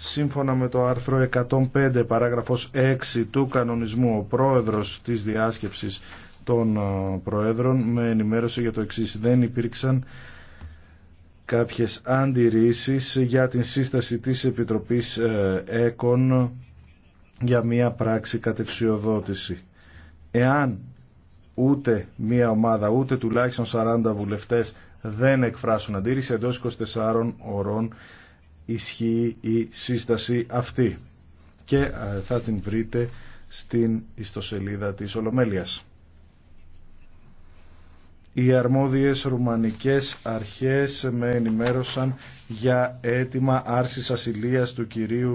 Σύμφωνα με το άρθρο 105 παράγραφος 6 του κανονισμού, ο πρόεδρος της διάσκεψης των ε, προέδρων με ενημέρωση για το εξή Δεν υπήρξαν κάποιες αντιρρήσεις για την σύσταση της Επιτροπής ε, ΕΚΟΝ για μία πράξη κατευσιοδότηση. Εάν ούτε μία ομάδα, ούτε τουλάχιστον 40 βουλευτές δεν εκφράσουν αντίρρηση εντός 24 ώρων ισχύει η σύσταση αυτή και ε, θα την βρείτε στην ιστοσελίδα της Ολομέλειας. Οι αρμόδιες ρουμανικές αρχές με ενημέρωσαν για αίτημα άρσης ασυλίας του κυρίου